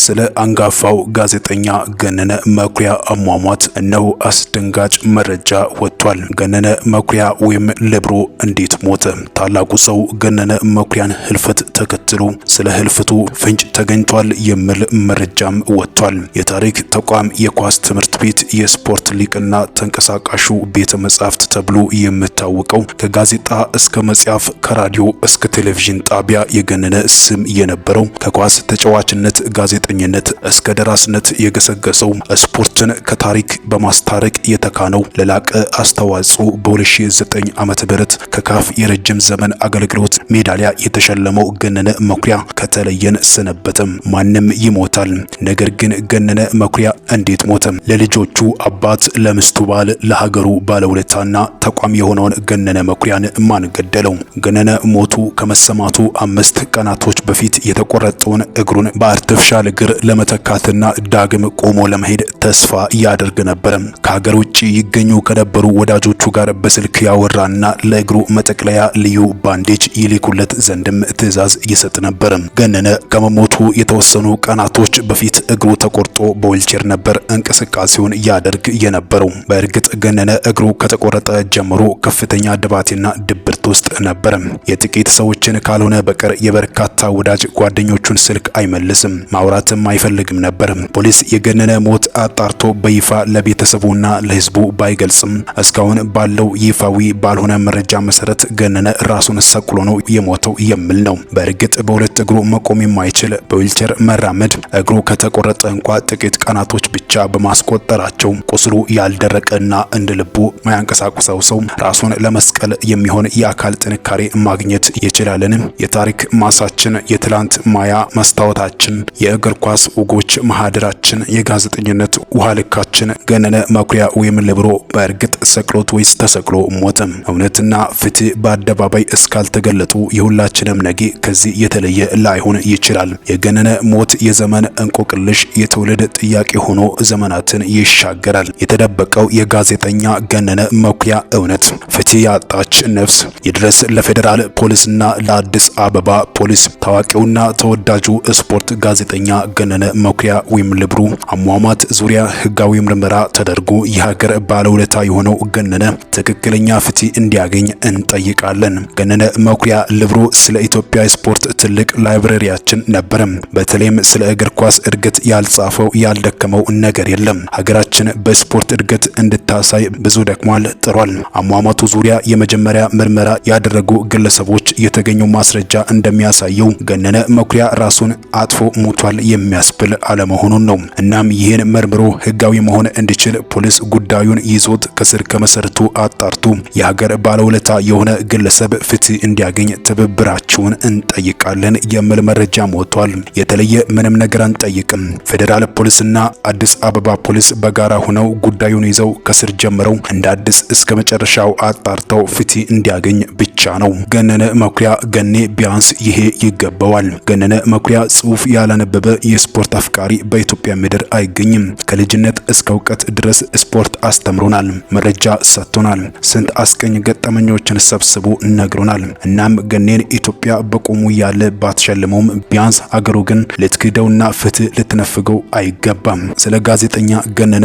ስለ አንጋፋው ጋዜጠኛ ገነነ መኩሪያ አሟሟት ነው አስደንጋጭ መረጃ ወጥቷል። ገነነ መኩሪያ ወይም ለብሮ እንዴት ሞተ? ታላቁ ሰው ገነነ መኩሪያን ህልፈት ተከትሎ ስለ ህልፈቱ ፍንጭ ተገኝቷል የሚል መረጃም ወጥቷል። የታሪክ ተቋም፣ የኳስ ትምህርት ቤት፣ የስፖርት ሊቅና ተንቀሳቃሹ ቤተ መጻሕፍት ተብሎ የሚታወቀው ከጋዜጣ እስከ መጽሐፍ፣ ከራዲዮ እስከ ቴሌቪዥን ጣቢያ የገነነ ስም የነበረው ከኳስ ተጫዋችነት ጋዜ ጋዜጠኝነት እስከ ደራስነት የገሰገሰው ስፖርትን ከታሪክ በማስታረቅ የተካነው ለላቀ አስተዋጽኦ በ2009 ዓመተ ምህረት ከካፍ የረጅም ዘመን አገልግሎት ሜዳሊያ የተሸለመው ገነነ መኩሪያ ከተለየን ስነበትም ማንም ይሞታል፣ ነገር ግን ገነነ መኩሪያ እንዴት ሞተ? ለልጆቹ አባት፣ ለምስቱ ባል፣ ለሀገሩ ባለውለታና ተቋም የሆነውን ገነነ መኩሪያን ማን ገደለው? ገነነ ሞቱ ከመሰማቱ አምስት ቀናቶች በፊት የተቆረጠውን እግሩን በአርቲፊሻል የሚባል እግር ለመተካትና ዳግም ቆሞ ለመሄድ ተስፋ ያደርግ ነበር። ከሀገር ውጭ ይገኙ ከነበሩ ወዳጆቹ ጋር በስልክ ያወራና ለእግሩ መጠቅለያ ልዩ ባንዴጅ ይልኩለት ዘንድም ትዕዛዝ ይሰጥ ነበር። ገነነ ከመሞቱ የተወሰኑ ቀናቶች በፊት እግሩ ተቆርጦ በዊልቸር ነበር እንቅስቃሴውን ያደርግ የነበረው። በእርግጥ ገነነ እግሩ ከተቆረጠ ጀምሮ ከፍተኛ ድባቴና ድብርት ውስጥ ነበር። የጥቂት ሰዎችን ካልሆነ በቀር የበርካታ ወዳጅ ጓደኞቹን ስልክ አይመልስም። ማውራትም አይፈልግም ነበር። ፖሊስ የገነነ ሞት አጣርቶ በይፋ ለቤተሰቡና ለህዝቡ ባይገልጽም እስካሁን ባለው ይፋዊ ባልሆነ መረጃ መሰረት ገነነ ራሱን ሰቅሎ ነው የሞተው የሚል ነው። በእርግጥ በሁለት እግሩ መቆም የማይችል በዊልቸር መራመድ እግሩ ከተቆረጠ እንኳ ጥቂት ቀናቶች ብቻ በማስቆጠራቸው ቁስሉ ያልደረቀና እንደ ልቡ ማያንቀሳቁሰው ሰው ራሱን ለመስቀል የሚሆን የአካል ጥንካሬ ማግኘት ይችላልን? የታሪክ ማሳችን የትላንት ማያ መስታወታችን የእግር ኳስ ወጎች ማህደራችን፣ የጋዜጠኝነት ውሃ ልካችን ገነነ መኩሪያ ወይም ለብሮ በእርግጥ ሰቅሎት ወይስ ተሰቅሎ ሞትም። እውነትና ፍትህ በአደባባይ እስካልተገለጡ የሁላችንም ነገ ከዚህ የተለየ ላይሆን ይችላል። የገነነ ሞት የዘመን እንቆቅልሽ፣ የትውልድ ጥያቄ ሆኖ ዘመናትን ይሻገራል። የተደበቀው የጋዜጠኛ ገነነ መኩሪያ እውነት፣ ፍትህ ያጣች ነፍስ ይድረስ ለፌዴራል ፖሊስና ለአዲስ አበባ ፖሊስ። ታዋቂውና ተወዳጁ ስፖርት ጋዜጠኛ ገነነ መኩሪያ ወይም ልብሩ አሟሟት ዙሪያ ህጋዊ ምርመራ ተደርጎ የሀገር ባለውለታ የሆነው ገነነ ትክክለኛ ፍትህ እንዲያገኝ እንጠይቃለን። ገነነ መኩሪያ ልብሩ ስለ ኢትዮጵያ ስፖርት ትልቅ ላይብረሪያችን ነበር። በተለይም ስለ እግር ኳስ እድገት ያልጻፈው ያልደከመው ነገር የለም። ሀገራችን በስፖርት እድገት እንድታሳይ ብዙ ደክሟል፣ ጥሯል። አሟሟቱ ዙሪያ የመጀመሪያ ምርመራ ያደረጉ ግለሰቦች የተገኘው ማስረጃ እንደሚያሳየው ገነነ መኩሪያ ራሱን አጥፎ ሞቷል የሚያስብል አለመሆኑን ነው። እናም ይህን መርምሮ ህጋዊ መሆን እንዲችል ፖሊስ ጉዳዩን ይዞት ከስር ከመሰረቱ አጣርቶ የሀገር ባለውለታ የሆነ ግለሰብ ፍትህ እንዲያገኝ ትብብራችሁን እንጠይቃለን የሚል መረጃ ሞቷል። የተለየ ምንም ነገር አንጠይቅም። ፌዴራል ፖሊስና አዲስ አበባ ፖሊስ በጋራ ሆነው ጉዳዩን ይዘው ከስር ጀምረው እንደ አዲስ እስከ መጨረሻው አጣርተው ፍትህ እንዲያገኝ ብቻ ነው። ገነነ መኩሪያ ገኔ ቢያንስ ይሄ ይገባዋል። ገነነ መኩሪያ ጽሁፍ ያላነበበ የስፖርት አፍቃሪ በኢትዮጵያ ምድር አይገኝም። ከልጅነት እስከ እውቀት ድረስ ስፖርት አስተምሮናል፣ መረጃ ሰጥቶናል፣ ስንት አስቀኝ ገጠመኞችን ሰብስቦ ነግሮናል። እናም ገኔን ኢትዮጵያ በቆሙ ያለ ባትሸልመውም ቢያንስ አገሩ ግን ልትክደውና ፍትህ ልትነፍገው አይገባም። ስለ ጋዜጠኛ ገነነ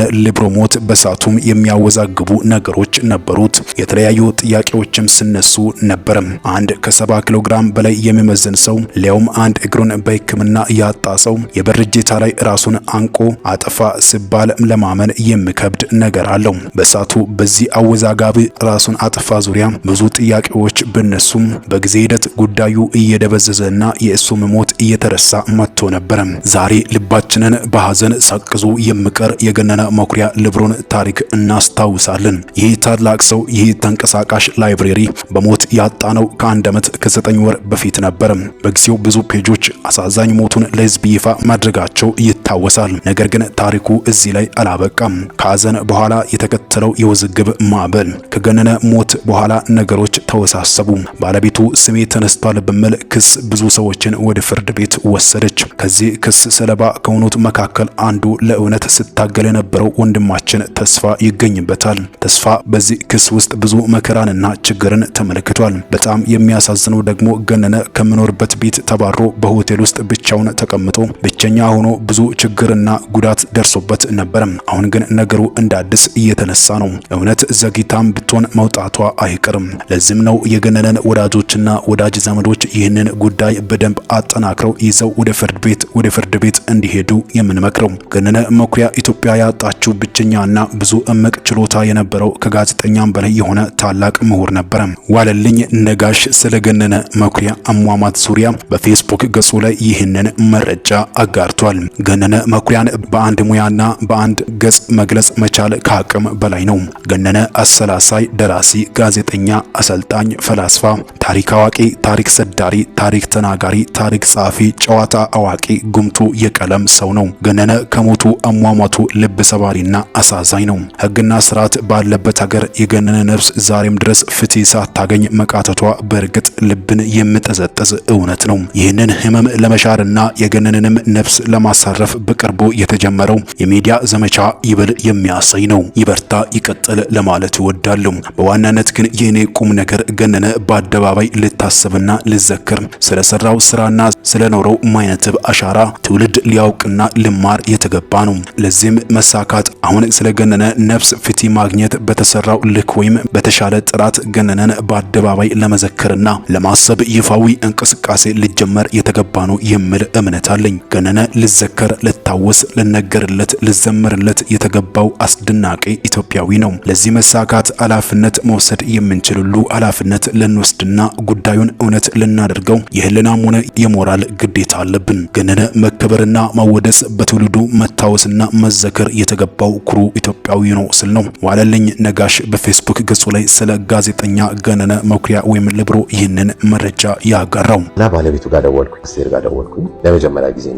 ሞት በሳቱም የሚያወዛግቡ ነገሮች ነበሩት። የተለያዩ ጥያቄዎችም ስነሱ ነበርም። አንድ ከሰባ ኪሎግራም በላይ የሚመዝን ሰው ሊያውም አንድ እግሩን በሕክምና ያጣ ሰው የብር እጀታ ላይ ራሱን አንቆ አጠፋ ሲባል ለማመን የሚከብድ ነገር አለው። በእሳቱ በዚህ አወዛጋቢ ራሱን አጠፋ ዙሪያ ብዙ ጥያቄዎች በነሱም በጊዜ ሂደት ጉዳዩ እየደበዘዘና የእሱ ሞት እየተረሳ መጥቶ ነበረ። ዛሬ ልባችንን በሐዘን ሰቅዞ የሚቀር የገነነ መኩሪያ ልብሩን ታሪክ እናስታውሳለን። ይህ ታላቅ ሰው ይህ ተንቀሳቃሽ ላይብሬሪ በሞት ያጣነው ከአንድ ዓመት ከዘጠኝ ወር በፊት ነበር። በጊዜው ብዙ ፔጆች አሳዛኝ ሞቱን ለህዝብ ይፋ ማድረጋቸው ይታወሳል። ነገር ግን ታሪኩ እዚህ ላይ አላበቃም። ከሀዘን በኋላ የተከተለው የውዝግብ ማዕበል ከገነነ ሞት በኋላ ነገሮች ተወሳሰቡ። ባለቤቱ ስሜ ተነስቷል በሚል ክስ ብዙ ሰዎችን ወደ ፍርድ ቤት ወሰደች። ከዚህ ክስ ሰለባ ከሆኑት መካከል አንዱ ለእውነት ስታገል የነበረው ወንድማችን ተስፋ ይገኝበታል። ተስፋ በዚህ ክስ ውስጥ ብዙ መከራንና ችግርን ተመልክቷል። በጣም የሚያሳዝነው ደግሞ ገነነ ከምኖርበት ቤት ተባሮ በሆቴል ውስጥ ብቻውን ተቀምጦ ብቸኛ ሆኖ ብዙ ችግርና ጉዳት ደርሶበት ነበር። አሁን ግን ነገሩ እንደ አዲስ እየተነሳ ነው። እውነት ዘግይታም ብትሆን መውጣቷ አይቀርም። ለዚህም ለዚህም ነው የገነነን ወዳጆችና ወዳጅ ዘመዶች ይህንን ጉዳይ በደንብ አጠናክረው ይዘው ወደ ፍርድ ቤት ወደ ፍርድ ቤት እንዲሄዱ የምንመክረው። ገነነ መኩሪያ ኢትዮጵያ ያጣችው ብቸኛና ብዙ እምቅ ችሎታ የነበረው ከጋዜጠኛም በላይ የሆነ ታላቅ ምሁር ነበረ። ዋለልኝ ነጋሽ ስለ ገነነ መኩሪያ አሟሟት ዙሪያ በፌስቡክ ገጹ ላይ ይህንን መረጃ አጋርቷል። ገነነ መኩሪያን በአንድ ሙያና በአንድ ገጽ መግለጽ መቻል ከአቅም በላይ ነው። ገነነ አሰላሳይ፣ ደራሲ፣ ጋዜጠኛ፣ አሰልጣኝ ፈጣኝ ፈላስፋ ታሪክ አዋቂ፣ ታሪክ ሰዳሪ፣ ታሪክ ተናጋሪ፣ ታሪክ ጸሐፊ፣ ጨዋታ አዋቂ፣ ጉምቱ የቀለም ሰው ነው። ገነነ ከሞቱ አሟሟቱ ልብ ሰባሪና አሳዛኝ ነው። ሕግና ስርዓት ባለበት ሀገር የገነነ ነፍስ ዛሬም ድረስ ፍትህ ሳታገኝ መቃተቷ በእርግጥ ልብን የምጠዘጠዝ እውነት ነው። ይህንን ህመም ለመሻርና የገነንንም ነፍስ ለማሳረፍ በቅርቡ የተጀመረው የሚዲያ ዘመቻ ይበል የሚያሳይ ነው። ይበርታ፣ ይቀጥል ለማለት እወዳለሁ። በዋናነት ግን የእኔ ቁም ነገር ገነነ በአደባባይ በአደባባይ ልታስብና ልዘክር ስለሰራው ስራና ስለኖረው ማይነትብ አሻራ ትውልድ ሊያውቅና ልማር የተገባ ነው። ለዚህም መሳካት አሁን ስለገነነ ነፍስ ፍቲ ማግኘት በተሰራው ልክ ወይም በተሻለ ጥራት ገነነን በአደባባይ ለመዘክርና ለማሰብ ይፋዊ እንቅስቃሴ ሊጀመር የተገባ ነው የሚል እምነት አለኝ። ገነነ ልዘከር፣ ልታወስ፣ ልነገርለት፣ ልዘመርለት የተገባው አስደናቂ ኢትዮጵያዊ ነው። ለዚህ መሳካት ኃላፊነት መውሰድ የምንችል ሁሉ ኃላፊነት ልንወስድና ጉዳዩን እውነት ልናደርገው የህልናም ሆነ የሞራል ግዴታ አለብን። ገነነ መከበርና ማወደስ በትውልዱ መታወስና መዘከር የተገባው ኩሩ ኢትዮጵያዊ ነው ስል ነው ዋለልኝ ነጋሽ በፌስቡክ ገጹ ላይ ስለ ጋዜጠኛ ገነነ መኩሪያ ወይም ልብሮ ይህንን መረጃ ያጋራው እና ባለቤቱ ጋር ደወልኩኝ፣ ጋር ደወልኩኝ። ለመጀመሪያ ጊዜ ነው